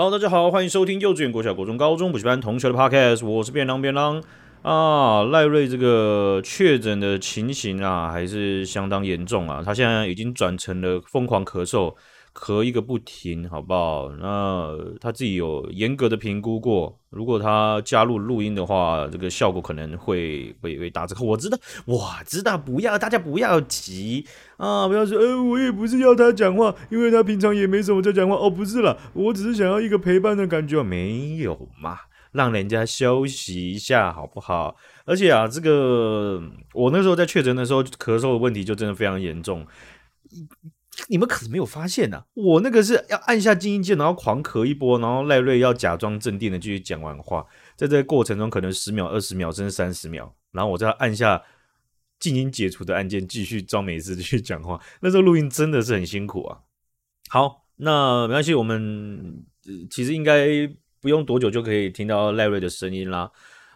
好，大家好，歡迎收聽幼稚園、國小、國中、高中補習班同學的 Podcast，我是便當便當啊，賴瑞這個確診的情形啊，還是相當嚴重啊，他現在已經轉成了瘋狂咳嗽。咳一個不停，好不好？那他自己有嚴格的評估過，如果他加入錄音的話，這個效果可能會被會打折。我知道，我知道，不要，大家不要急啊，不要說，呃，我也不是要他講話，因為他平常也沒什麼在講話。哦，不是啦，我只是想要一個陪伴的感覺，沒有嘛，讓人家休息一下，好不好？而且啊，這個我那時候在確診的時候，咳嗽的問題就真的非常嚴重。你們可是沒有發現吶、啊，我那個是要按下靜音鍵，然後狂咳一波，然後賴瑞要假裝鎮定的繼續講完話，在這個過程中可能十秒、二十秒甚至三十秒，然後我再按下靜音解除的按鍵，繼續裝沒事去講話。那時候錄音真的是很辛苦啊。好，那沒關係，我們其實應該不用多久就可以聽到賴瑞的聲音啦，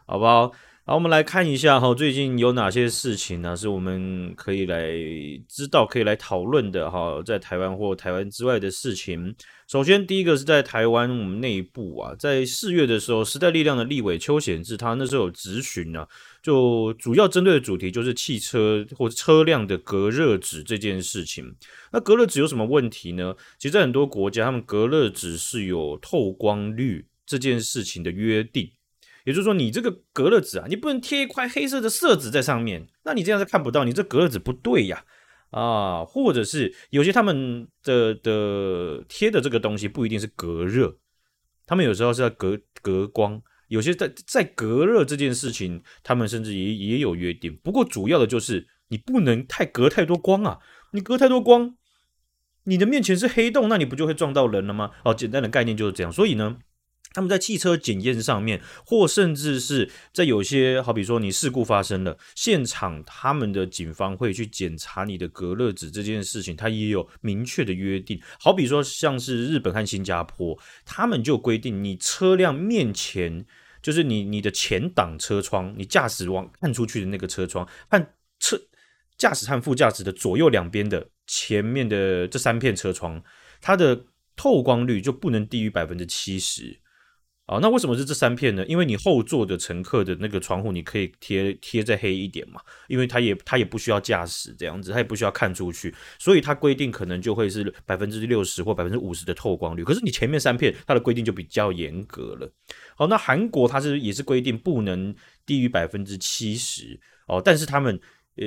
好不好？好，我們來看一下哈，最近有哪些事情呢、啊？是我們可以來知道、可以來討論的哈，在台灣或台灣之外的事情。首先，第一個是在台灣我們內部啊，在四月的時候，時代力量的立委邱顯智，他那時候有質詢啊，就主要針對的主題就是汽車或車輛的隔熱紙這件事情。那隔熱紙有什麼問題呢？其實，在很多國家，他們隔熱紙是有透光率這件事情的約定。也就是說，你這個隔熱紙啊，你不能貼一塊黑色的色紙在上面，那你這樣是看不到。你這隔熱紙不對呀。啊，啊，或者是有些他們的的貼的這個東西不一定是隔熱，他們有時候是要隔隔光。有些在在隔熱這件事情，他們甚至也也有約定。不過主要的就是你不能太隔太多光啊，你隔太多光，你的面前是黑洞，那你不就會撞到人了嗎？哦，簡單的概念就是這樣。所以呢，他們在汽車檢驗上面，或甚至是在有些，好比說你事故發生了，現場他們的警方會去檢查你的隔熱紙這件事情，他也有明確的約定。好比說像是日本和新加坡，他們就規定你車輛面前，就是你你的前擋車窗，你駕駛往看出去的那個車窗，按車駕駛和副駕駛的左右兩邊的前面的這三片車窗，它的透光率就不能低於百分之七十。好，那為什麼是這三片呢？因為你後座的乘客的那個窗戶，你可以貼貼再黑一點嘛，因為他也他也不需要駕駛這樣子，他也不需要看出去，所以他規定可能就會是百分之六十或百分之五十的透光率。可是你前面三片，它的規定就比較嚴格了。好，那韓國它是也是規定不能低於百分之七十哦，但是他們。呃，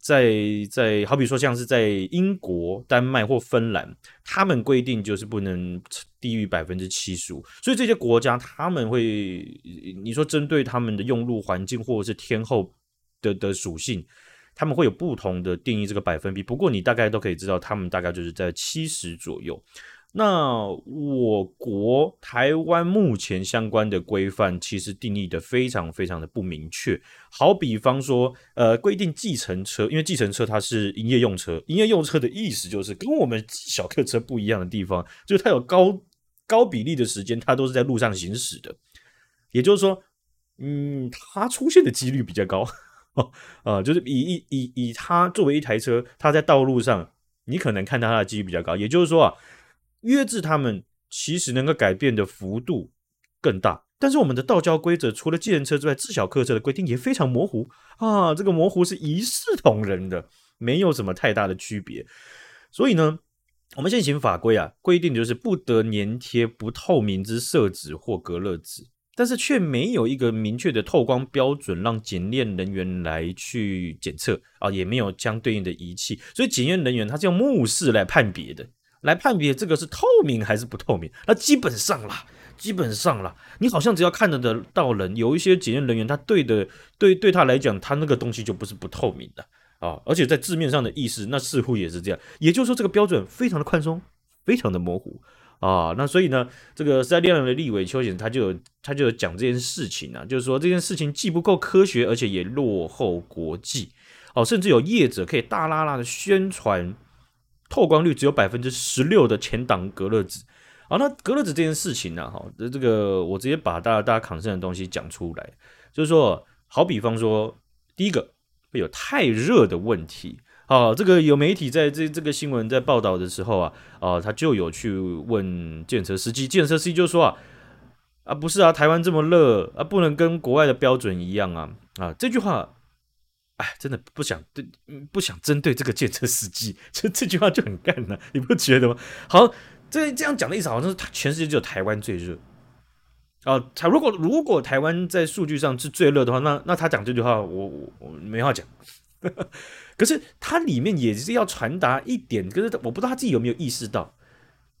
在在好比說像是在英國、丹麥或芬蘭，他們規定就是不能低於百分之七十五，所以這些國家他們會，你說針對他們的用路環境或者是天候的的屬性，他們會有不同的定義這個百分比。不過你大概都可以知道，他們大概就是在七十左右。那我國台灣目前相關的規範其實定義的非常非常的不明確，好比方說，呃，規定計程車，因為計程車它是營業用車，營業用車的意思就是跟我們小客車不一樣的地方，就是它有高高比例的時間，它都是在路上行駛的，也就是說，嗯，它出現的幾率比較高，哦，呃，就是以，以以以它作為一台車，它在道路上，你可能看到它的幾率比較高，也就是說啊。約制他們其實能夠改變的幅度更大，但是我們的道交規則除了計程車之外，自小客車的規定也非常模糊啊。這個模糊是一視同仁的，沒有什麼太大的區別。所以呢，我們現行法規啊規定就是不得粘貼不透明之色紙或隔熱紙，但是卻沒有一個明確的透光標準，讓檢驗人員來去檢測啊，也沒有相對應的儀器，所以檢驗人員他是用目視來判別的。來判別這個是透明還是不透明，那基本上啦，基本上啦，你好像只要看得得到人，有一些檢驗人員，他對的對對他來講，他那個東西就不是不透明的啊、哦，而且在字面上的意思，那似乎也是這樣，也就是說這個標準非常的寬鬆，非常的模糊啊、哦，那所以呢，這個在亞人的立委邱顯，他就他就講這件事情啊，就是說這件事情既不夠科學，而且也落後國際，哦，甚至有業者可以大剌剌的宣傳。透光率只有百分之十六的前擋隔熱紙，啊，那隔熱紙這件事情呢、啊？哈，這這個我直接把大家大家扛生的東西講出來，就是說，好比方說，第一個會有太熱的問題，啊，這個有媒體在這這個新聞在報道的時候啊，啊，他就有去問建設司機，建設司機就說啊，啊，不是啊，台灣這麼熱啊，不能跟國外的標準一樣啊，啊，這句話。哎，真的不想對，不想針對這個借車司機，這這句話就很幹了，你不覺得嗎？好，這這樣講的意思好像是全世界只有台灣最熱哦。他、呃、如果如果台灣在數據上是最熱的話，那那他講這句話，我我我沒話講。 可是他裡面也是要傳達一點，可是我不知道他自己有沒有意識到，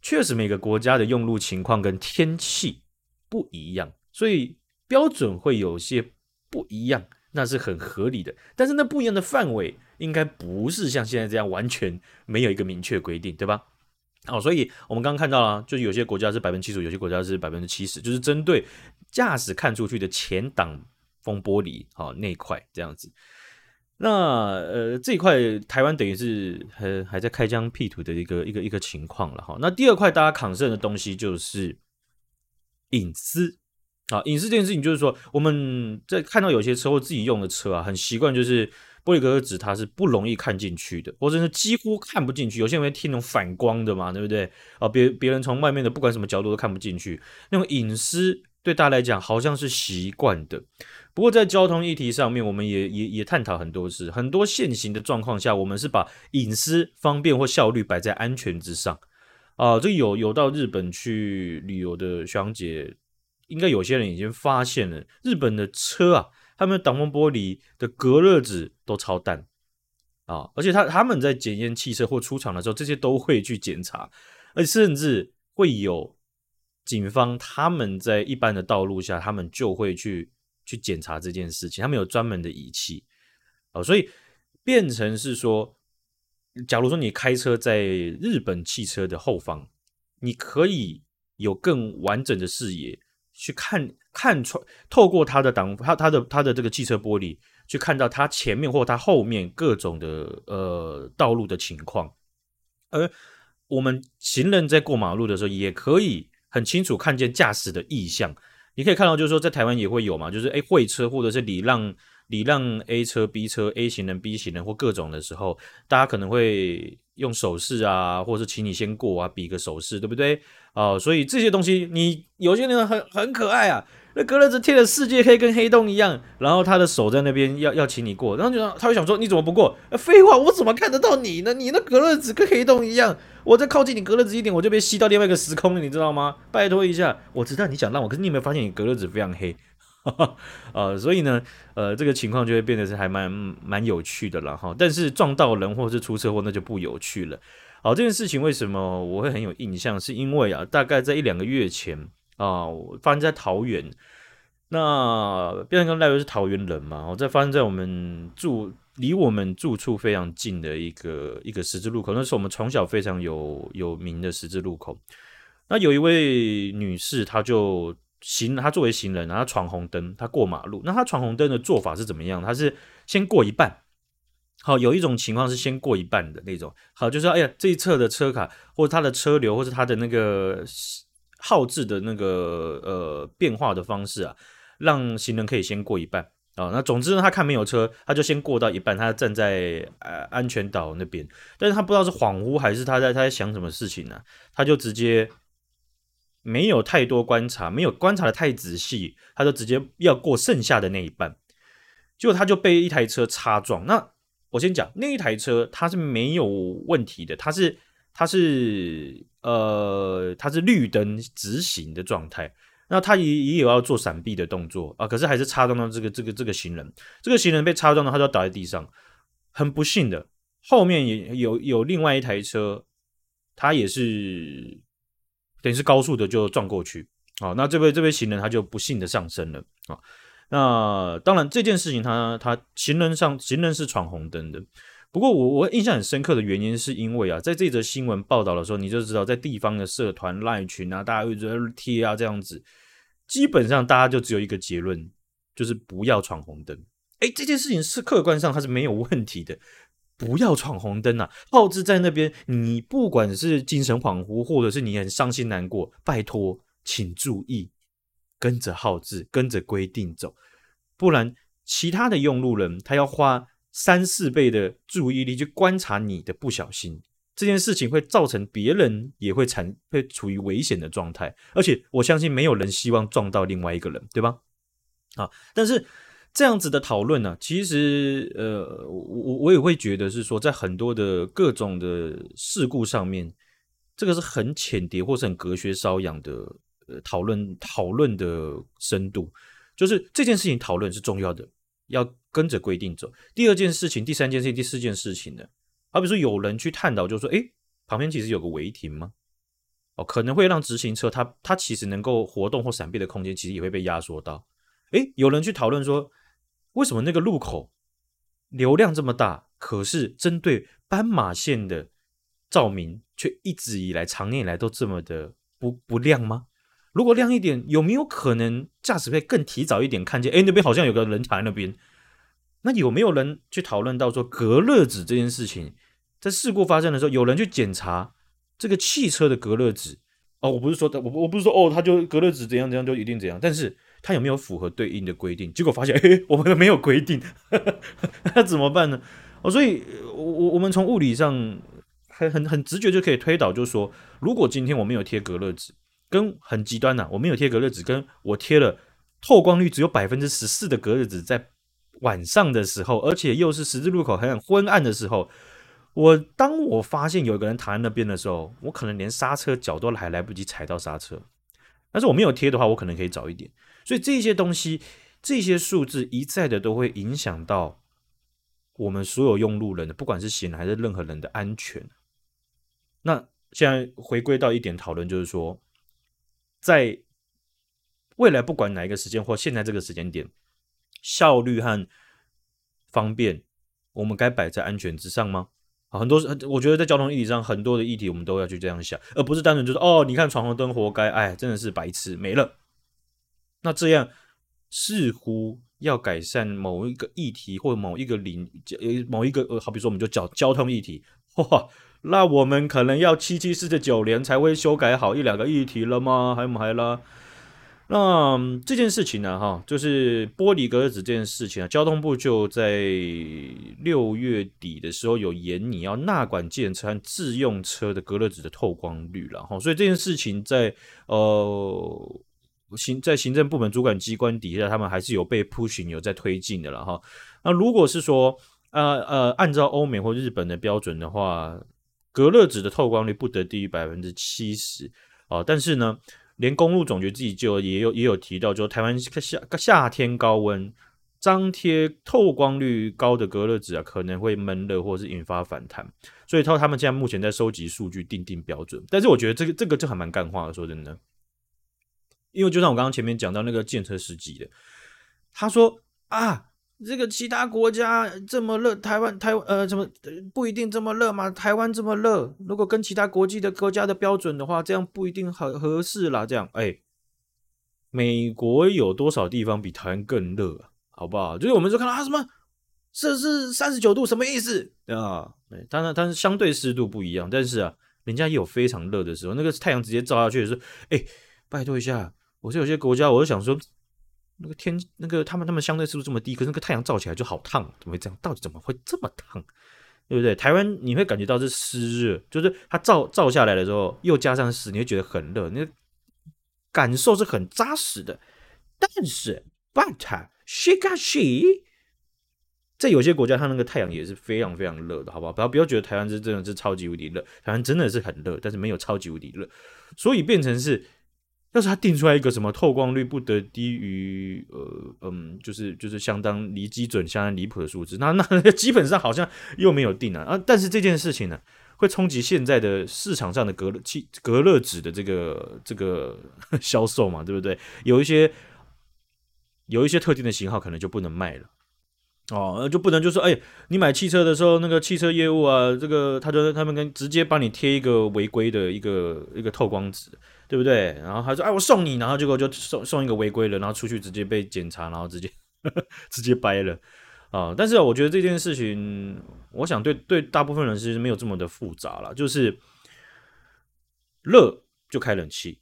確實每個國家的用路情況跟天氣不一樣，所以標準會有些不一樣。那是很合理的，但是那不一樣的範圍應該不是像現在這樣完全沒有一個明確規定，對吧？哦，所以我們剛剛看到了，就是有些國家是百分之七十，有些國家是百分之七十，就是針對駕駛看出去的前擋風玻璃，好、哦、那塊這樣子。那呃，這一塊台灣等於是還還在開疆闢土的一個一個一個情況了哈。那第二塊大家扛剩的東西就是隱私。啊，隱私這件事情就是說，我們在看到有些車或自己用的車啊，很習慣就是玻璃隔熱紙，它是不容易看進去的，或者是，是幾乎看不進去。有些人會貼那種反光的嘛，對不對？啊，別別人從外面的不管什麼角度都看不進去。那種、個、隱私對大家來講好像是習慣的。不過在交通議題上面，我們也也也探討很多次，很多現行的狀況下，我們是把隱私、方便或效率擺在安全之上。啊，這有有到日本去旅遊的小姐。應該有些人已經發現了，日本的車啊，他們的擋風玻璃的隔熱紙都超淡啊，而且他他們在檢驗汽車或出廠的時候，這些都會去檢查，而甚至會有警方，他們在一般的道路下，他們就會去去檢查這件事情，他們有專門的儀器啊，所以變成是說，假如說你開車在日本汽車的後方，你可以有更完整的視野。去看看穿透過他的擋他他的他的，他的這個汽車玻璃，去看到他前面或他後面各種的呃道路的情況，而我們行人在過馬路的時候，也可以很清楚看見駕駛的意向。你可以看到，就是說在台灣也會有嘛，就是、欸、會車或者是禮讓禮讓 A 車 B 車 A 行人 B 行人或各種的時候，大家可能會用手勢啊，或者是請你先過啊，比個手勢，對不對？哦，所以這些東西，你有些人很很可愛啊。那隔熱紙貼的世界黑跟黑洞一樣，然後他的手在那邊要要請你過，然後就讓他會想說你怎麼不過？呃，廢話，我怎麼看得到你呢？你那隔熱紙跟黑洞一樣，我在靠近你隔熱紙一點，我就被吸到另外一個時空了，你知道嗎？拜托一下，我知道你想讓我，可是你有沒有發現你隔熱紙非常黑？哈哈，呃，所以呢，呃，這個情況就會變得是還蠻蠻有趣的了哈。但是撞到人或是出車禍，那就不有趣了。好，這件事情為什麼我會很有印象？是因為啊，大概在一兩個月前啊，呃、我發生在桃園。那，變成跟賴威是桃園人嘛，然在發生在我們住離我們住處非常近的一個一個十字路口，那是我們從小非常有有名的十字路口。那有一位女士，她就行，她作為行人，然後闖紅燈，她過馬路。那她闖紅燈的做法是怎麼樣？她是先過一半。好，有一種情況是先過一半的那種。好，就是說哎呀，這一側的車卡，或者他的車流，或者他的那個號誌的那個呃變化的方式啊，讓行人可以先過一半啊、哦。那總之呢，他看沒有車，他就先過到一半，他站在呃安全島那邊，但是他不知道是恍惚還是他在他在想什麼事情呢、啊，他就直接沒有太多觀察，沒有觀察的太仔細，他就直接要過剩下的那一半，結果他就被一台車擦撞那。我先講那一台車，它是沒有問題的，它是它是呃，它是綠燈直行的狀態，那它也也有要做閃避的動作啊，可是還是擦撞到這個這個這個行人，這個行人被擦撞到，他就要倒在地上，很不幸的，後面也有有另外一台車，它也是等於是高速的就撞過去，啊，那這位這位行人他就不幸的上升了啊。那當然，這件事情他他行人上行人是闖紅燈的。不過我我印象很深刻的原因是因為啊，在這則新聞報道的時候，你就知道在地方的社團賴群啊，大家會貼啊這樣子，基本上大家就只有一個結論，就是不要闖紅燈。哎、欸，這件事情是客觀上它是沒有問題的，不要闖紅燈吶、啊。浩子在那邊，你不管是精神恍惚，或者是你很傷心難過，拜託請注意。跟着號誌，跟着規定走，不然其他的用路人他要花三四倍的注意力去觀察你的不小心，這件事情會造成別人也會產會處於危險的狀態，而且我相信沒有人希望撞到另外一個人，對吧？啊，但是這樣子的討論呢、啊，其實呃，我我我也會覺得是說，在很多的各種的事故上面，這個是很淺碟或是很隔靴搔癢的。呃，討論討論的深度，就是這件事情討論是重要的，要跟着規定走。第二件事情、第三件事情、第四件事情呢，好比說有人去探討，就是說，哎，旁邊其實有個違停嗎？哦，可能會讓直行車它它其實能夠活動或閃避的空間，其實也會被壓縮到。哎，有人去討論說，為什麼那個路口流量這麼大，可是針對斑馬線的照明卻一直以來、常年以來都這麼的不不亮嗎？如果亮一點，有沒有可能駕駛會更提早一點看見？哎，那邊好像有個人躺在那邊。那有沒有人去討論到說隔熱紙這件事情？在事故發生的時候，有人去檢查這個汽車的隔熱紙？哦，我不是說的，我我不是說哦，他就隔熱紙怎樣怎樣就一定怎樣，但是他有沒有符合對應的規定？結果發現，哎，我們都沒有規定呵呵，那怎麼辦呢？哦，所以，我我我們從物理上很很很直覺就可以推導，就是說，如果今天我沒有貼隔熱紙。跟很極端吶啊，我沒有貼隔熱紙，跟我貼了透光率只有百分之十四的隔熱紙，在晚上的時候，而且又是十字路口很昏暗的時候，我當我發現有一個人躺在那邊的時候，我可能連剎車腳都還來不及踩到剎車。但是我沒有貼的話，我可能可以早一點。所以這些東西，這些數字一再的都會影響到我們所有用路人的，不管是行人還是任何人的安全。那現在回歸到一點討論，就是說。在未來，不管哪一個時間或現在這個時間點，效率和方便，我們該擺在安全之上嗎？啊，很多是，我覺得在交通議題上，很多的議題我們都要去這樣想，而不是單純就是，哦，你看闖紅燈活該，哎，真的是白痴，沒了。那這樣似乎要改善某一個議題或某一個領，呃，某一個，呃，好比說我們就叫交通議題，嚯。那我們可能要七七四十九年才會修改好一兩個議題了嗎？還沒還啦？那這件事情呢？哈，就是玻璃隔熱紙這件事情啊，交通部就在六月底的時候有研擬要納管計程車和自用車的隔熱紙的透光率了哈。所以這件事情在呃行在行政部門主管機關底下，他們還是有被 push 有在推進的了哈。那如果是說呃呃按照歐美或日本的標準的話。隔熱子的透光率不得低於百分之七十啊！但是呢，連公路總局自己就也有也有提到灣，就台灣夏夏天高溫，張貼透光率高的隔熱紙啊，可能會悶熱或是引發反彈，所以他他們現在目前在收集數據，定定標準。但是我覺得這個這個就還蠻幹話的，說真的，因為就像我剛剛前面講到那個建車司機的，他說啊。這個其他國家這麼熱，台灣台灣呃，什麼、呃、不一定這麼熱嘛？台灣這麼熱，如果跟其他國際的國家的標準的話，這樣不一定合合適啦。這樣，哎，美國有多少地方比台灣更熱啊？好不好？就是我們就看到啊，什麼這是三十九度，什麼意思啊？當然那是相對濕度不一樣，但是啊，人家也有非常熱的時候，那個太陽直接照下去的時候，哎，拜託一下，我說有些國家，我就想說。那個天，那個他們他們相對濕度這麼低，可是那個太陽照起來就好燙、啊，怎麼會這樣？到底怎麼會這麼燙？對不對？台灣你會感覺到是濕熱，就是它照照下來的時候，又加上濕，你會覺得很熱，那個、感受是很扎實的。但是，but she got she 在有些國家，它那個太陽也是非常非常熱的，好不好？不要不要覺得台灣是真的是超級無敵熱，台灣真的是很熱，但是沒有超級無敵熱，所以變成是。要是他定出來一個什麼透光率不得低於呃嗯，就是就是相當離基準相當離譜的數值，那那基本上好像又沒有定了啊，啊。但是這件事情呢、啊，會衝擊現在的市場上的隔熱器、隔熱紙的這個這個銷售嘛，對不對？有一些有一些特定的型號可能就不能賣了哦，就不能就說哎、欸，你買汽車的時候那個汽車業務啊，這個他就他們跟直接幫你貼一個違規的一個一個,一個透光紙。對不對？然後他說：“哎，我送你。”然後結果就送送一個違規了，然後出去直接被檢查，然後直接呵呵直接掰了啊，呃！但是我覺得這件事情，我想對對大部分人是沒有這麼的複雜了，就是熱就開冷氣，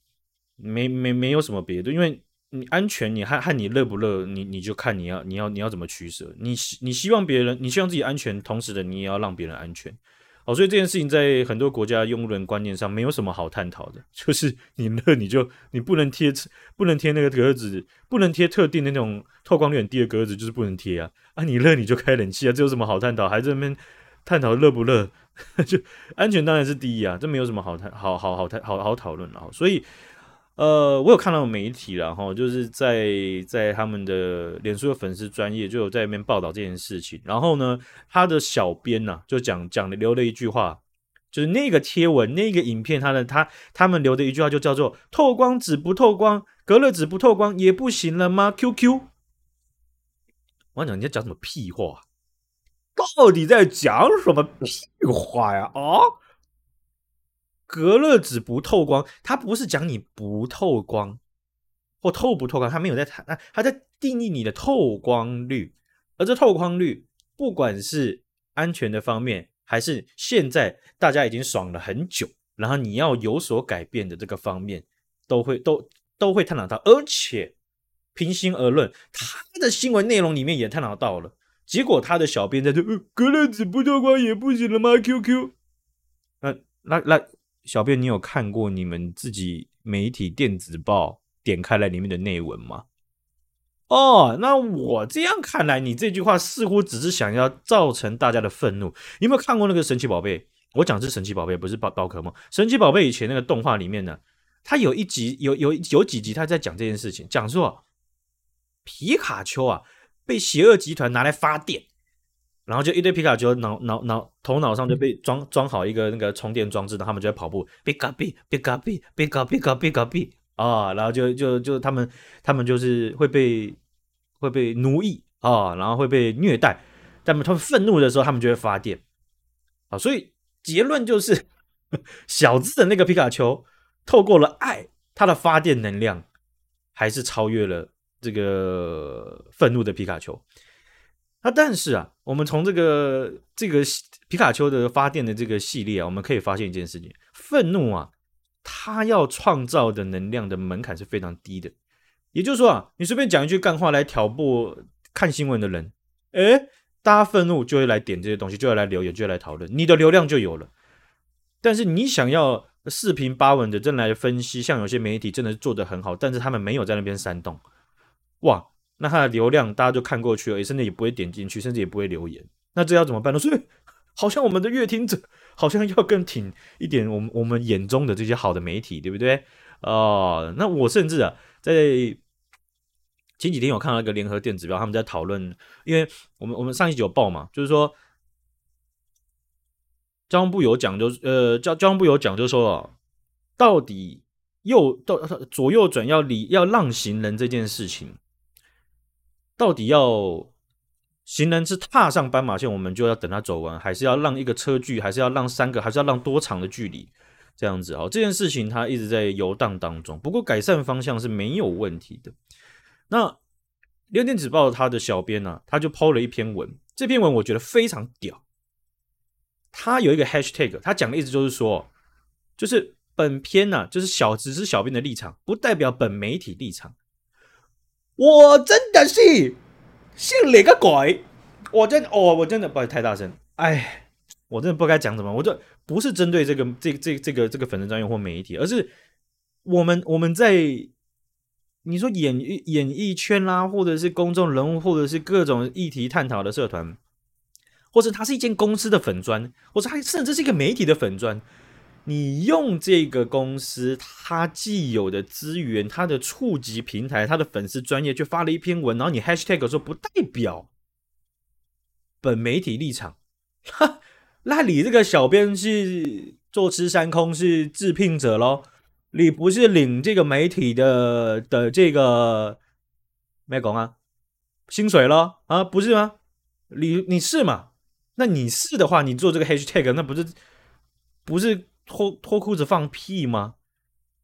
沒沒沒有什麼別的。因為你安全，你還和，和你熱不熱，你你就看你要你要你要怎麼取捨。你你希望別人，你希望自己安全，同時的你也要讓別人安全。好、哦，所以這件事情在很多國家用人觀念上沒有什麼好探討的，就是你熱你就你不能貼不能貼那個格子，不能貼特定那種透光率很低的格子，就是不能貼啊啊！啊你熱你就開冷氣啊，這有什麼好探討？還在那邊探討熱不熱？ 就安全當然是第一啊，這沒有什麼好談，好好好好好好討論啊，所以。呃，我有看到媒體了後，就是在在他們的臉書的粉絲專頁就有在那邊報道這件事情。然後呢，他的小編呢、啊、就講講留了一句話，就是那個貼文，那個影片他，他的他他們留的一句話就叫做“透光紙不透光，隔熱紙不透光也不行了嗎？”QQ，我想講你在講什麼屁話？到底在講什麼屁話呀？啊、哦！隔熱紙不透光，它不是講你不透光或透不透光，它沒有在談，它在定義你的透光率。而這透光率，不管是安全的方面，還是現在大家已經爽了很久，然後你要有所改變的這個方面，都會都都會探討到。而且，平心而論，他的新聞內容裡面也探討到了。結果他的小編在這，隔熱紙不透光也不行了嗎？Q Q，那那那。呃小編，你有看過你們自己媒體電子報點開來裡面的內文嗎？哦、oh，那我這樣看來，你這句話似乎只是想要造成大家的憤怒。你有沒有看過那個神奇寶貝？我講的是神奇寶貝，不是寶寶可夢。神奇寶貝以前那個動畫裡面呢，它有一集，有有有幾集，他在講這件事情，講說皮卡丘啊被邪惡集團拿來發電。然後就一堆皮卡丘腦腦腦頭腦上就被裝裝好一個那個充電裝置，然後他們就在跑步，皮卡皮皮卡皮皮卡皮卡皮卡皮啊！然後就就就他們他們就是會被會被奴役啊、哦，然後會被虐待。但他們憤怒的時候，他們就會發電啊、哦。所以結論就是，小智的那個皮卡丘透過了愛，它的發電能量還是超越了這個憤怒的皮卡丘。啊，但是啊，我們從這個這個皮卡丘的發電的這個系列，啊，我們可以發現一件事情：憤怒啊，他要創造的能量的門檻是非常低的。也就是說啊，你隨便講一句幹話來挑撥看新聞的人，哎，大家憤怒就會來點這些東西，就會來留言，就會來討論，你的流量就有了。但是你想要四平八穩的真來分析，像有些媒體真的是做得很好，但是他們沒有在那邊煽動，哇。那它的流量，大家就看過去了，欸，甚至也不會點進去，甚至也不會留言。那這要怎麼辦呢？所以，好像我們的閱聽者好像要更挺一點。我們我們眼中的這些好的媒體，對不對？哦、呃，那我甚至啊，在前幾天有看到一個聯合電子標，他們在討論，因為我們我們上一集有報嘛，就是說，交通部有講就是、呃交交通部有講就是說啊，到底右到左右轉要禮要讓行人這件事情。到底要行人是踏上斑馬線，我們就要等他走完，還是要讓一個車距，還是要讓三個，還是要讓多長的距離？這樣子哦，這件事情他一直在遊蕩當中。不過改善方向是沒有問題的。那《六點子報》他的小編呢、啊，他就拋了一篇文，這篇文我覺得非常屌。他有一個 hashtag，他講的意思就是說，就是本篇呢、啊，就是小只是小編的立場，不代表本媒體立場。我真的是信你個鬼！我真的哦，我真的不要太大聲。哎，我真的不該講什麼。我就不是針對這個、這個、這、這個、這個粉專專用或媒體，而是我們我們在你說演藝演藝圈啦、啊，或者是公眾人物，或者是各種議題探討的社團，或者它是一間公司的粉專，或者還甚至是一個媒體的粉專。你用這個公司它既有的資源、它的觸及平台、它的粉絲專業，去發了一篇文，然後你 #hashtag 說不代表本媒體立場，哈，那你這個小編是坐吃山空是自聘者嘍？你不是領這個媒體的的這個沒工啊？薪水嘍？啊，不是嗎？你你是嘛？那你是的話，你做這個 #hashtag 那不是不是？脫脫褲子放屁嗎？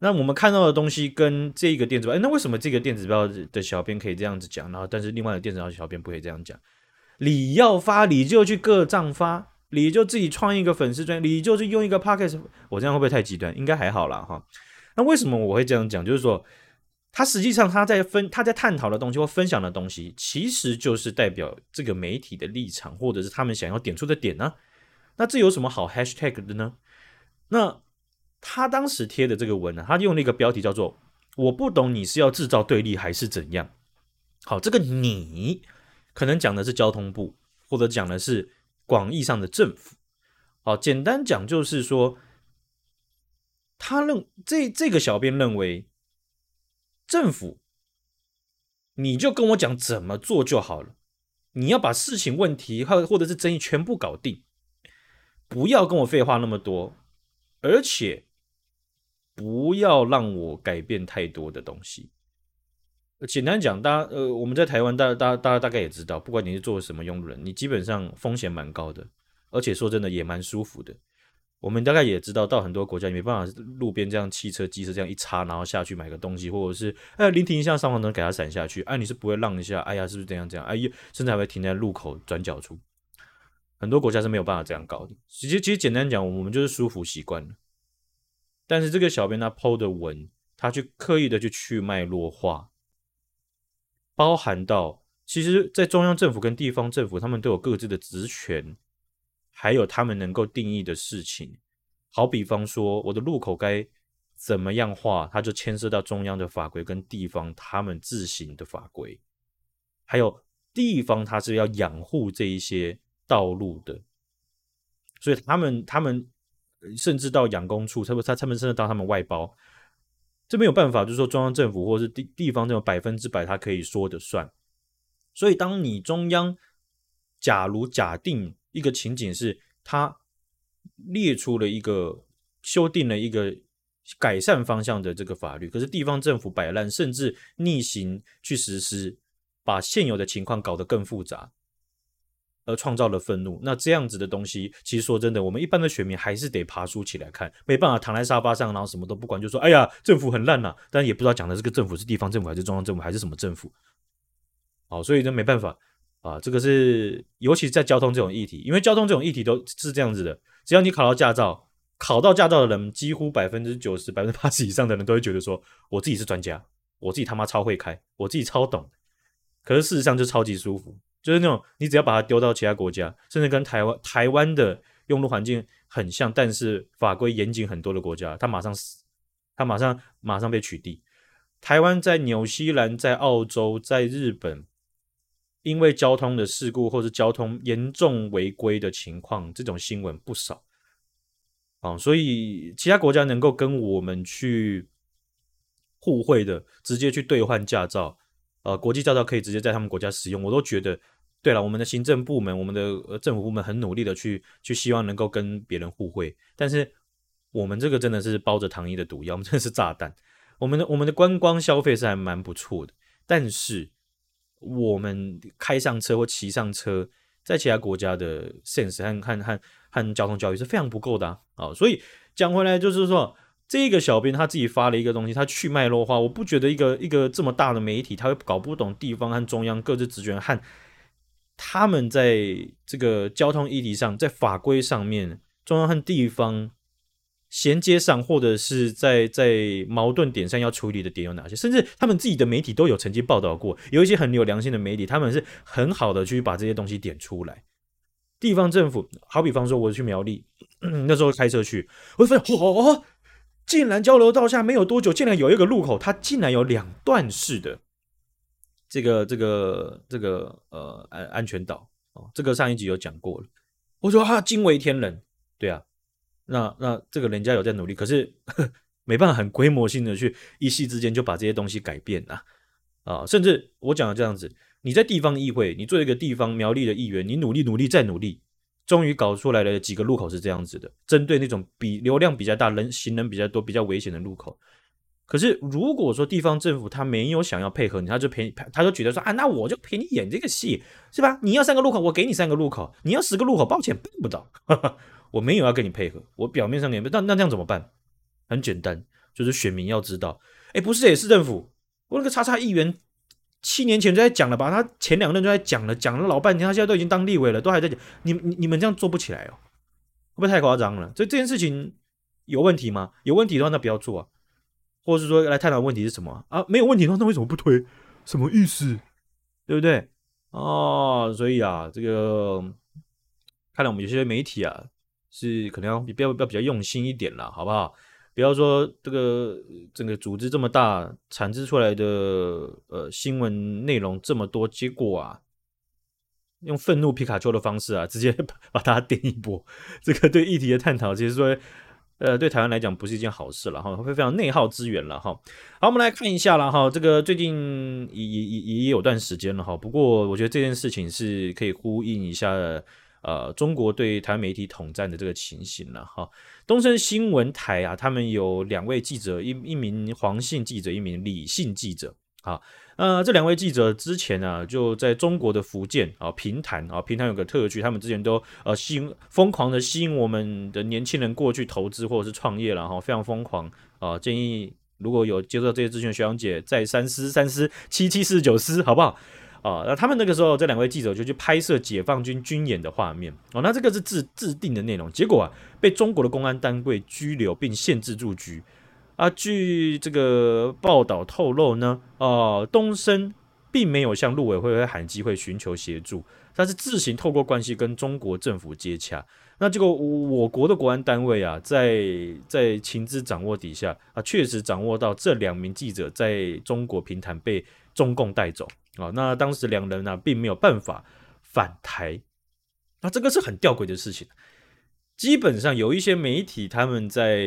那我們看到的東西跟這個電子報，哎，那為什麼這個電子報的小編可以這樣子講，然後但是另外的電子報的小編不可以這樣講？你要發，你就去各賬發，你就自己創一個粉絲專，你就去用一個 podcast，我這樣會不會太極端？應該還好啦。哈。那為什麼我會這樣講？就是說，他實際上他在分他在探討的東西或分享的東西，其實就是代表這個媒體的立場，或者是他們想要點出的點呢、啊？那這有什麼好 hashtag 的呢？那他當時貼的這個文呢、啊？他用那個標題叫做“我不懂你是要製造對立還是怎樣”。好，這個你可能講的是交通部，或者講的是廣義上的政府。好，簡單講就是說，他認這這個小編認為，政府你就跟我講怎麼做就好了。你要把事情、問題還或者是爭議全部搞定，不要跟我廢話那麼多。而且不要讓我改變太多的東西。簡單講，大家呃，我們在台灣，大家大家大家大概也知道，不管你是做什麼用的人，你基本上風險蠻高的，而且說真的也蠻舒服的。我們大概也知道，到很多國家你沒辦法路邊這樣汽車、機車這樣一插，然後下去買個東西，或者是哎，呃、臨停一下，上方燈給它閃下去，哎、呃，你是不會讓一下，哎、啊、呀，是不是這樣這樣？哎、啊、呀，甚至還會停在路口轉角處。很多國家是沒有辦法這樣搞的。其實，其實簡單講，我們就是舒服習慣了。但是這個小編他 po 的文，他去刻意的去去脈絡化，包含到其實，在中央政府跟地方政府，他們都有各自的職權，還有他們能夠定義的事情。好比方說，我的路口該怎麼樣畫，它就牽涉到中央的法規跟地方他們自行的法規，還有地方它是要養護這一些道路的，所以他們他們甚至到養工處，他們他他們甚至到他們外包，這沒有辦法，就是說中央政府或是地地方政府百分之百，他可以說的算。所以，當你中央，假如假定一個情景是，他列出了一個修訂了一個改善方向的這個法律，可是地方政府擺爛，甚至逆行去實施，把現有的情況搞得更複雜而創造了憤怒。那這樣子的東西，其實說真的，我們一般的選民還是得爬梳起來看。沒辦法，躺在沙發上，然後什麼都不管，就說：“哎呀，政府很爛吶。”但也不知道講的這個政府是地方政府還是中央政府還是什麼政府。好，所以就沒辦法啊。這個是尤其在交通這種議題，因為交通這種議題都是這樣子的：只要你考到駕照，考到駕照的人幾乎百分之九十、百分之八十以上的人都會覺得說：“我自己是專家，我自己他媽超會開，我自己超懂。”可是事實上就超級舒服。就是那種你只要把它丟到其他國家，甚至跟台灣台灣的用路環境很像，但是法規嚴謹很多的國家，它馬上死，它馬上馬上被取締。台灣在紐西蘭、在澳洲、在日本，因為交通的事故或者交通嚴重違規的情況，這種新聞不少。啊、哦，所以其他國家能夠跟我們去互惠的，直接去兌換駕照。呃，國際駕照可以直接在他們國家使用，我都覺得。對了，我們的行政部門，我們的、呃、政府部門很努力的去去，希望能夠跟別人互惠。但是我們這個真的是包着糖衣的毒藥，我們真的是炸彈。我們的我們的觀光消費是還蠻不錯的，但是我們開上車或騎上車，在其他國家的 sense 和和和和交通教育是非常不夠的啊。好，所以講回來就是說。這個小編他自己發了一個東西，他去脈絡化，我不覺得一個一個這麼大的媒體，他會搞不懂地方和中央各自職權和他們在這個交通議題上、在法規上面、中央和地方銜接上，或者是在在矛盾點上要處理的點有哪些？甚至他們自己的媒體都有曾經報道過，有一些很有良心的媒體，他們是很好的去把這些東西點出來。地方政府，好比方說我去苗栗， 那時候開車去，我就發現哦哦。竟然交流道下沒有多久，竟然有一個路口，它竟然有兩段式的這個這個這個呃安安全島哦，這個上一集有講過了。我說啊，驚為天人，對啊，那那這個人家有在努力，可是沒辦法，很規模性的去一夕之間就把這些東西改變啊，哦、甚至我講的這樣子，你在地方議會，你做一個地方苗栗的議員，你努力努力再努力。終於搞出來了幾個路口是這樣子的，針對那種比流量比較大，人行人比較多、比較危險的路口。可是如果說地方政府他沒有想要配合你，他就陪他就覺得說啊，那我就陪你演這個戲，是吧？你要三個路口，我給你三個路口；你要十個路口，抱歉辦不到。哈哈。我沒有要跟你配合，我表面上也那那這樣怎麼辦？很簡單，就是選民要知道，哎，不是耶，市政府，我那個叉叉議員。七年前就在講了吧，他前兩任就在講了，講了老半天，他現在都已經當立委了，都還在講，你你你們這樣做不起來哦，會不會太誇張了？所以這件事情有問題嗎？有問題的話，那不要做啊，或者是說來探討問題是什麼啊？沒有問題的話，那為什麼不推？什麼意思？對不對？哦，所以啊，這個看來我們有些媒體啊，是可能要要要比，比較用心一點了，好不好？比方說這個整個組織這麼大，產製出來的呃新聞內容這麼多，結果啊，用憤怒皮卡丘的方式啊，直接把它點一波。這個對議題的探討，其實說，呃，對台灣來講不是一件好事了哈，會非常內耗資源了哈。好，我們來看一下了哈，這個最近也也也也有段時間了哈，不過我覺得這件事情是可以呼應一下的。呃，中國對台灣媒體統戰的這個情形了、啊、哈、哦，東森新聞台啊，他們有兩位記者，一一名黃姓記者，一名李姓記者啊。呃，這兩位記者之前、啊、就在中國的福建啊，平潭啊，平潭有個特區，他們之前都呃吸瘋狂的吸引我們的年輕人過去投資或者是創業然哈、啊，非常瘋狂啊。建議如果有接受這些資訊的學長姐再三思三思，七七四十九思，好不好？啊，那、哦、他們那個時候，這兩位記者就去拍攝解放軍軍演的畫面哦。那這個是制制定的內容，結果啊，被中國的公安單位拘留並限制住居。啊，據這個報道透露呢，啊、哦，東森並沒有向陸委會、海基會尋求協助，他是自行透過關係跟中國政府接洽。那這個我國的國安單位啊，在在情資掌握底下啊，確實掌握到這兩名記者在中國平潭被中共帶走。哦，那當時兩人呢、啊，並沒有辦法返台，那這個是很吊詭的事情。基本上有一些媒體，他們在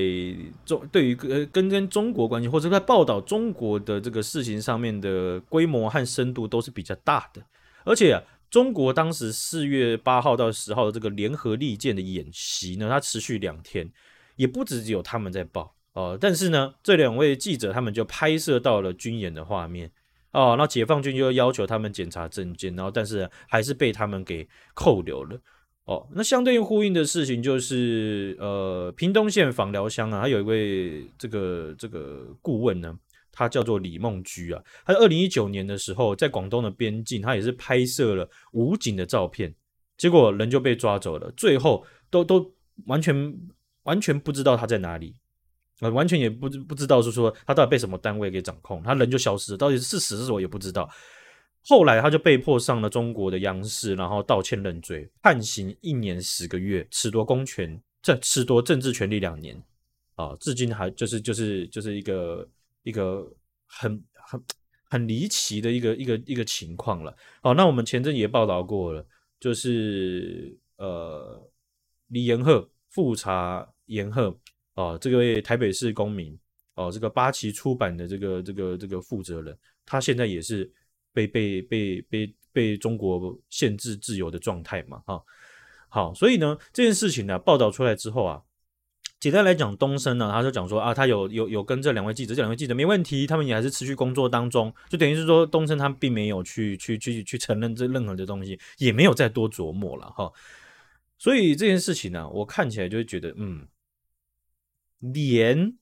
中對於、呃、跟跟中國關係或者在報道中國的這個事情上面的規模和深度都是比較大的。而且、啊、中國當時四月八號到十號的這個聯合利劍的演習呢，它持續兩天，也不止只有他們在報哦、呃。但是呢，這兩位記者他們就拍攝到了軍演的畫面。哦，那解放軍就要求他們檢查證件，然後但是還是被他們給扣留了。哦，那相對應呼應的事情就是，呃，屏東縣枋寮鄉啊，他有一位這個這個顧問呢，他叫做李孟居啊，他在二零一九年的時候，在廣東的邊境，他也是拍攝了武警的照片，結果人就被抓走了，最後都都完全完全不知道他在哪裡。完全也不知不知道，是說他到底被什麼單位給掌控，他人就消失了，到底是死是活也不知道。後來他就被迫上了中國的央視，然後道歉認罪，判刑一年十個月，褫奪公權，這褫奪政治權利兩年。啊，至今還就是就是就是一個一個很很很離奇的一個一個一個情況了。好，那我們前陣也報道過了，就是呃，李延賀富察李延賀。啊、呃，這個位台北市公民，哦、呃，這個八旗出版的這個這個這個負責人，他現在也是被被被被被中國限制自由的狀態嘛，哈，好，所以呢，這件事情呢、啊、報道出來之後啊，簡單來講，東森呢、啊，他就講說啊，他有有有跟這兩位記者，這兩位記者沒問題，他們也還是持續工作當中，就等於是說東森他並沒有去去去去承認這任何的東西，也沒有再多琢磨了哈，所以這件事情呢、啊，我看起來就會覺得，嗯。連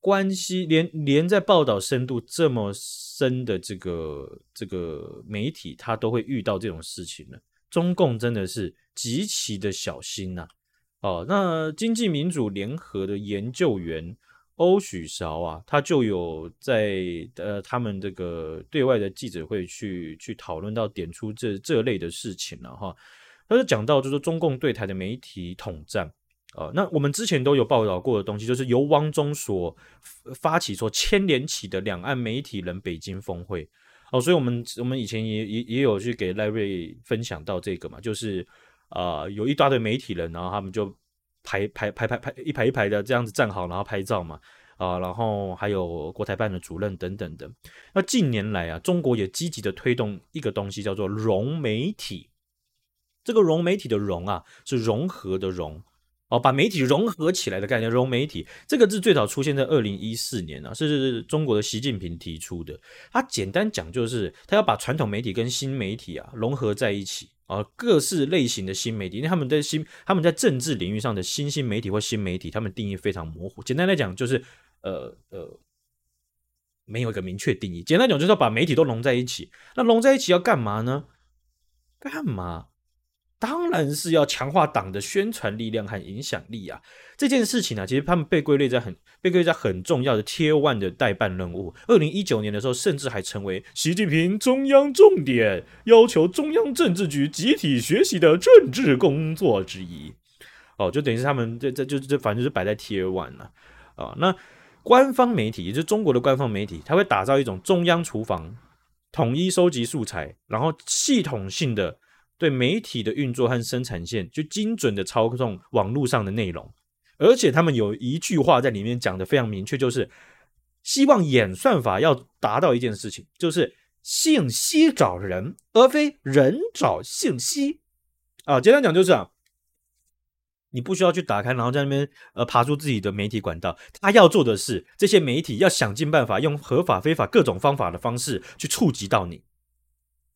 關係連連在報道深度這麼深的這個這個媒體，他都會遇到這種事情了。中共真的是極其的小心吶、啊！哦，那經濟民主聯合的研究員歐許韶啊，他就有在呃他們這個對外的記者會去去討論到點出這這類的事情了、啊、哈。他就講到，就是中共對台的媒體統戰。啊、呃，那我們之前都有報道過的東西，就是由旺中所發起、所牽連起的兩岸媒體人北京峰會哦、呃，所以我們我們以前也也也有去給賴瑞分享到這個嘛，就是啊、呃，有一大堆媒體人，然後他們就排排排排排一排一排的這樣子站好，然後拍照嘛，啊、呃，然後還有國台辦的主任等等的。那近年來啊，中國也積極的推動一個東西，叫做融媒體。這個融媒體的融啊，是融合的融。哦，把媒體融合起來的概念，“融媒體”這個字最早出現在二零一四年啊，是是中國的習近平提出的。他簡單講就是，他要把傳統媒體跟新媒體啊融合在一起啊，哦，各式類型的新媒體，因為他們對新他們在政治領域上的新興媒體或新媒體，他們定義非常模糊。簡單來講就是，呃呃，沒有一個明確定義。簡單講就是要把媒體都融在一起，那融在一起要幹嘛呢？幹嘛？當然是要強化黨的宣傳力量和影響力啊！這件事情呢、啊，其實他們被歸類在很被歸類在很重要的 tier one 的代辦任務。二零一九年的時候，甚至還成為習近平中央重點要求中央政治局集體學習的政治工作之一。哦，就等於是他們這這就這反正就擺在 tier one 了啊、哦。那官方媒體，也就是中國的官方媒體，它會打造一種中央廚房，統一收集素材，然後系統性的。對媒體的運作和生產線，就精準的操控網絡上的內容，而且他們有一句話在裡面講的非常明確，就是希望演算法要達到一件事情，就是信息找人，而非人找信息。啊，簡單講就是啊，你不需要去打開，然後在那邊呃爬出自己的媒體管道，他要做的是，這些媒體要想盡辦法，用合法、非法各種方法的方式去觸及到你。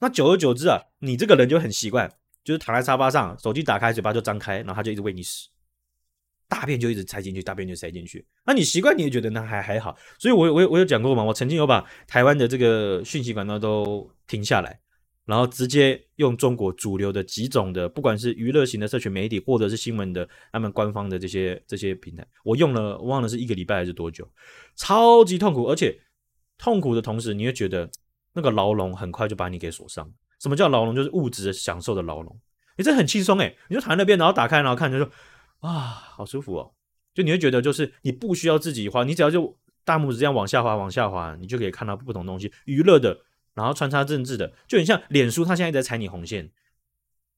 那久而久之啊，你這個人就很習慣，就是躺在沙發上，手機打開，嘴巴就張開，然後他就一直餵你屎，大便就一直塞進去，大便就塞進去。那你習慣，你也覺得那還還好。所以我我有我有講過嘛，我曾經有把台灣的這個訊息管道，都停下來，然後直接用中國主流的幾種的，不管是娛樂型的社群媒體，或者是新聞的他們官方的這些這些平台，我用了，忘了是一個禮拜還是多久，超級痛苦，而且痛苦的同時，你又覺得，那個牢籠很快就把你給鎖上。什麼叫牢籠？就是物質享受的牢籠。你、欸、這很輕鬆誒、欸，你就躺在那邊，然後打開，然後看，就說，啊，好舒服哦。就你會覺得，就是你不需要自己滑，你只要就大拇指這樣往下滑，往下滑，你就可以看到不同東西，娛樂的，然後穿插政治的，就很像臉書，它現在一直在踩你紅線，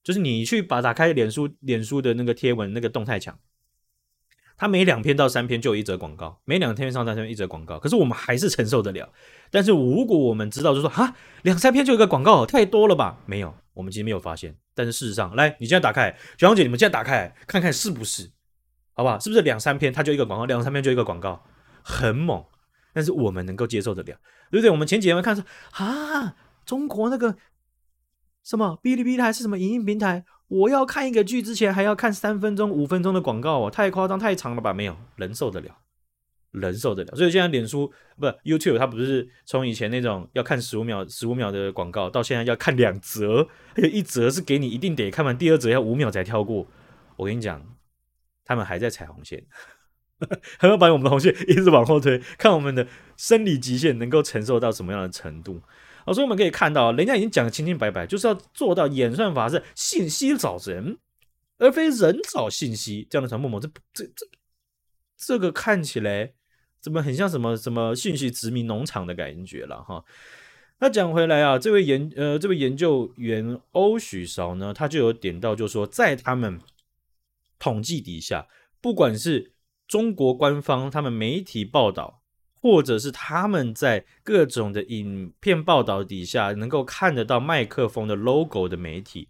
就是你去把打開臉書，臉書的那個貼文那個動態牆。他每兩篇到三篇就有一則廣告，每兩篇上三篇一則廣告，可是我們還是承受得了。但是如果我們知道，就說啊，兩三篇就一個廣告，太多了吧？沒有，我們其實沒有發現。但是事實上，來，你現在打開小紅姐，你們現在打開看看是不是？好不好？是不是兩三篇他就一個廣告，兩三篇就一個廣告，很猛，但是我們能夠接受得了，對不對？我們前幾天看說啊，中國那個什麼嗶哩嗶哩還是什麼影音平台？我要看一個劇之前還要看三分鐘、五分鐘的廣告哦，太誇張、太長了吧？沒有人受得了，人受得了。所以現在臉書，不，YouTube，它不是從以前那種要看十五秒、十五秒的廣告，到現在要看兩則，而且一則是給你一定得看完，第二則要五秒才跳過。我跟你講，他們還在踩紅線， 還要把我們的紅線一直往後推，看我們的生理極限能夠承受到什麼樣的程度。老師，所以我們可以看到，人家已經講得清清白白，就是要做到演算法，是信息找人，而非人找信息，這樣的傳播模這這這，這個看起來怎麼很像什麼什麼信息殖民農場的感覺了哈？那講回來啊，這位研呃這位研究員歐許韶呢，他就有點到就是，就說在他們統計底下，不管是中國官方他們媒體報道。或者是他們在各種的影片報道底下能夠看得到麥克風的 logo 的媒體，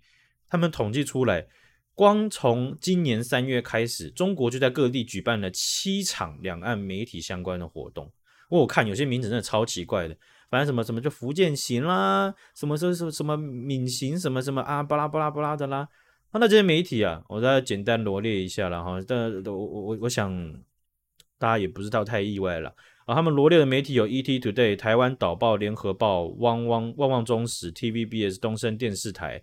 他們統計出來，光從今年三月開始，中國就在各地舉辦了七場兩岸媒體相關的活動。哦，我看有些名字真的超奇怪的，反正什麼什麼就福建行啦，什麼什麼什麼什麼閩行什麼什麼啊巴拉巴拉巴拉的啦。啊，那這些媒體啊，我再簡單羅列一下了哈，但我我我我想大家也不知道太意外了。啊、哦，他們羅列的媒體有《ET Today》、台灣《導報》、《聯合報》、《汪汪》、《旺旺中時》、TVBS、東森電視台、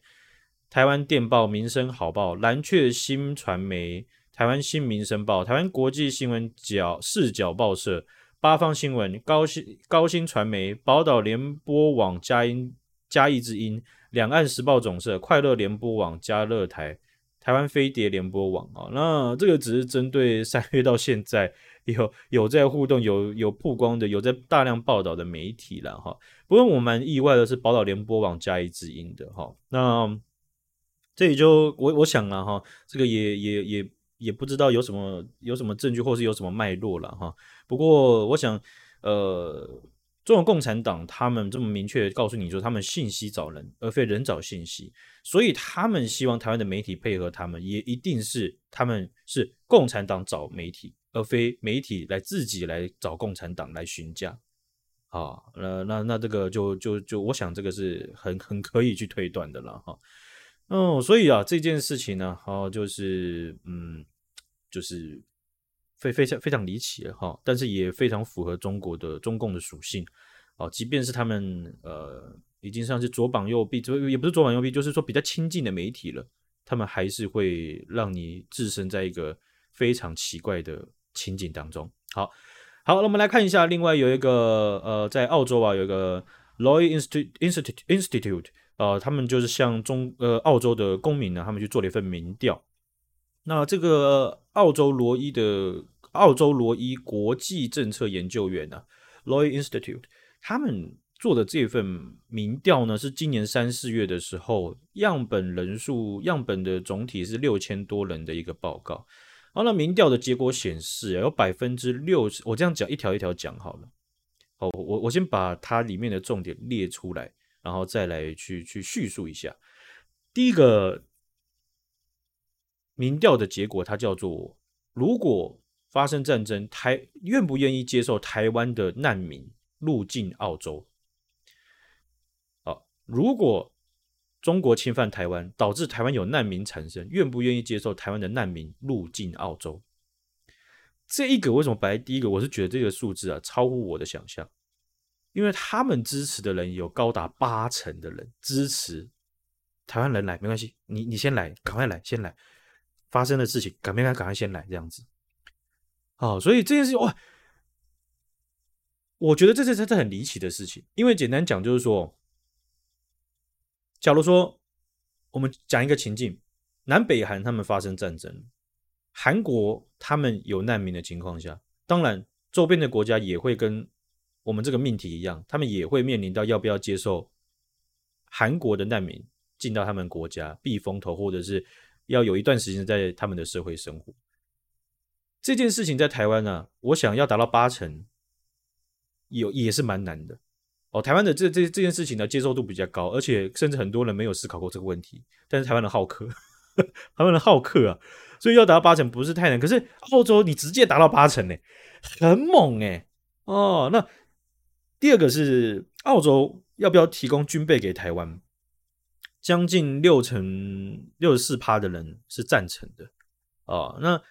台灣《電報》、《民生好報》、藍雀新傳媒、台灣《新民生報》、台灣國際新聞角視角報社、八方新聞、高新高新傳媒、寶島聯播網嘉、嘉音嘉義之音、兩岸時報總社、快樂聯播網、嘉樂台、台灣飛碟聯播網啊、哦。那這個只是針對三月到現在。有有在互動，有有曝光的，有在大量報道的媒體了哈。不過我蠻意外的是，寶島聯播網加一指引的哈。那這裡就我我想了、啊、哈，這個也也也也不知道有什麼有什麼證據，或是有什麼脈絡了哈。不過我想，呃，中國共產黨他們這麼明確告訴你說，他們信息找人，而非人找信息，所以他們希望台灣的媒體配合他們，也一定是他們是共產黨找媒體。而非媒體來自己來找共產黨來詢價，啊、哦，那那那這個就就就我想這個是很很可以去推斷的了哈。嗯、哦，所以啊這件事情呢、啊，哈、哦，就是嗯，就是非非常非常離奇的哈、哦，但是也非常符合中國的中共的屬性。哦，即便是他們呃已經算是左膀右臂，左也不是左膀右臂，就是說比較親近的媒體了，他們還是會讓你置身在一個非常奇怪的。情景當中，好好，那我們來看一下，另外有一個呃，在澳洲啊，有一個 Lowy Institute Institute 呃，他們就是向中呃澳洲的公民呢，他們去做了一份民調。那這個澳洲羅伊的澳洲羅伊國際政策研究院呢、啊、Lowy Institute 他們做的這份民調呢，是今年三四月的時候，樣本人數樣本的總體是六千多人的一個報告。好，那民調的結果顯示，有百分之六十。我這樣講，一條一條講好了。好，我我先把它裡面的重點列出來，然後再來去去敘述一下。第一個民調的結果，它叫做：如果發生戰爭，台願不願意接受台灣的難民入境澳洲？好，如果。中國侵犯台灣，導致台灣有難民產生，願不願意接受台灣的難民入境澳洲？這一個為什麼擺在第一個？我是覺得這個數字啊，超乎我的想象，因為他們支持的人有高達八成的人支持台灣人來，沒關係，你你先來，趕快來，先來發生的事情，趕快趕，趕快先來這樣子。哦，所以這件事情，哇，我覺得這是真的很離奇的事情，因為簡單講就是說。假如說我們講一個情境，南北韓他們發生戰爭，韓國他們有難民的情況下，當然周邊的國家也會跟我們這個命題一樣，他們也會面臨到要不要接受韓國的難民進到他們國家避風頭，或者是要有一段時間在他們的社會生活。這件事情在台灣呢、啊，我想要達到八成，有也是蠻難的。哦，台灣的這這這件事情呢，接受度比較高，而且甚至很多人沒有思考過這個問題。但是台灣人好客，呵呵台灣人好客啊，所以要達到八成不是太難。可是澳洲你直接達到八成呢？欸，很猛哎、欸。哦，那第二個是澳洲要不要提供軍備給台灣？將近六成六十四趴的人是贊成的。哦，那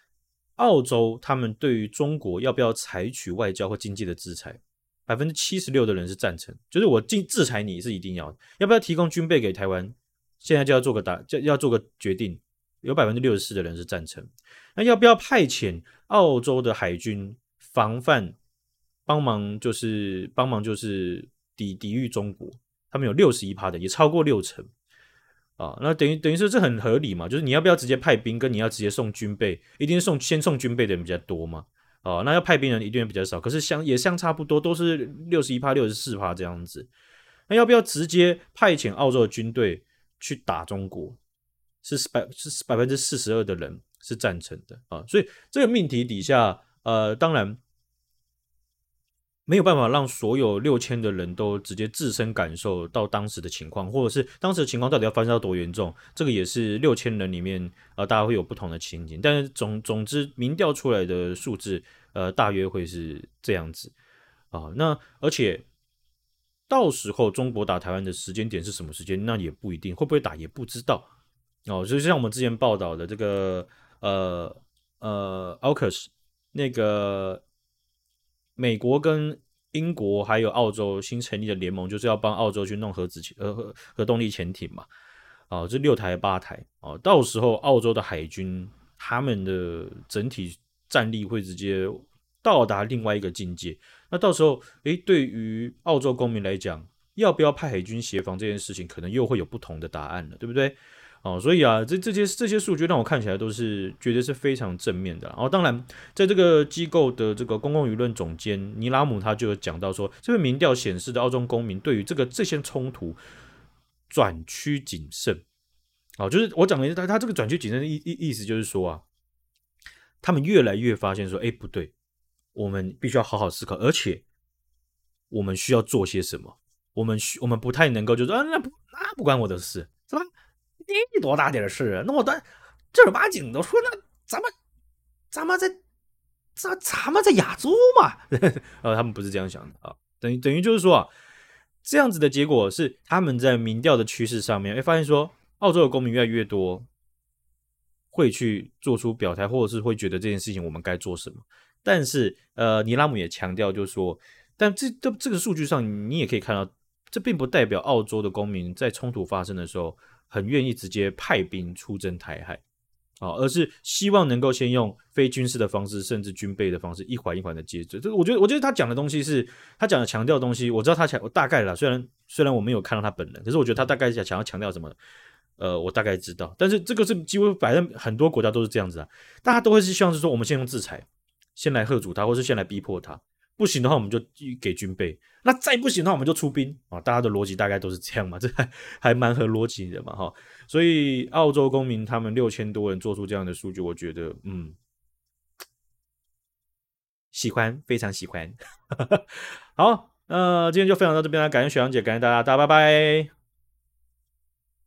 澳洲他們對於中國要不要採取外交或經濟的制裁？百分之七十六的人是贊成，就是我進制裁你是一定要的，要不要提供軍備給台灣？現在就要做個答，就要做個決定。有百分之六十四的人是贊成，那要不要派遣澳洲的海軍防範、幫忙，就是幫忙就是抵抵御中國？他們有六十一趴的，也超過六成。啊，那等於等於說這很合理嘛？就是你要不要直接派兵，跟你要直接送軍備，一定是送先送軍備的人比較多嘛。哦，那要派兵人一定比較少，可是相也相差不多，都是六十一趴、六十四趴這樣子。那要不要直接派遣澳洲的軍隊去打中國？是百是百分之四十二的人是贊成的啊，哦，所以這個命題底下，呃，當然。沒有辦法讓所有六千的人都直接自身感受到當時的情況，或者是當時的情況到底要發生到多嚴重，這個也是六千人裡面啊、呃，大家會有不同的情景。但是總總之，民調出來的數字，呃，大約會是這樣子啊、哦。那而且到時候中國打台灣的時間點是什麼時間，那也不一定，會不會打也不知道哦。就像我們之前報道的這個呃呃，AUKUS 那個。美國跟英國還有澳洲新成立的聯盟，就是要幫澳洲去弄核子呃，核，核動力潛艇嘛。啊，這六台八台啊，到時候澳洲的海軍他們的整體戰力會直接到達另外一個境界。那到時候，哎、欸，對於澳洲公民來講，要不要派海軍協防這件事情，可能又會有不同的答案了，對不對？哦，所以啊，這這些這些數據讓我看起來都是覺得是非常正面的。然後，當然，在這個機構的這個公共輿論總監尼拉姆，他就講到說，這份民調顯示的澳洲公民對於這個這些衝突轉趨謹慎。哦，就是我講的意思，他他這個轉趨謹慎的意意意思就是說啊，他們越來越發現說，哎，不對，我們必須要好好思考，而且我們需要做些什麼。我們需我們不太能夠就說啊，那不那不關我的事。你多大點事啊？那我倒正兒八經的說，那咱們咱們在咱咱們在亞洲嘛，呃、哦，他們不是這樣想的啊、哦。等於等於就是說啊，這樣子的結果是他們在民調的趨勢上面，會發現說，澳洲的公民越來越多會去做出表態，或者是會覺得這件事情我們該做什麼。但是，呃，尼拉姆也強調，就是說，但這這這個數據上，你也可以看到，這並不代表澳洲的公民在衝突發生的時候。很願意直接派兵出征台海，啊，而是希望能夠先用非軍事的方式，甚至軍備的方式一環一環的，一環一環的解決。這個我覺得，我覺得他講的東西是，他講的強調東西，我知道他講，我大概啦。雖然雖然我沒有看到他本人，可是我覺得他大概想想要強調什麼，呃，我大概知道。但是這個是幾乎，反正很多國家都是這樣子啊，大家都會是希望是說，我們先用制裁，先來嚇阻他，或是先來逼迫他。不行的話，我們就給軍備；那再不行的話，我們就出兵啊！大家的邏輯大概都是這樣嘛，這還，還蠻合邏輯的嘛，哈！所以澳洲公民他們六千多人做出這樣的數據，我覺得，嗯，喜歡，非常喜歡。 好，那、呃、今天就分享到這邊了，感謝小楊姐，感謝大家，大家拜拜。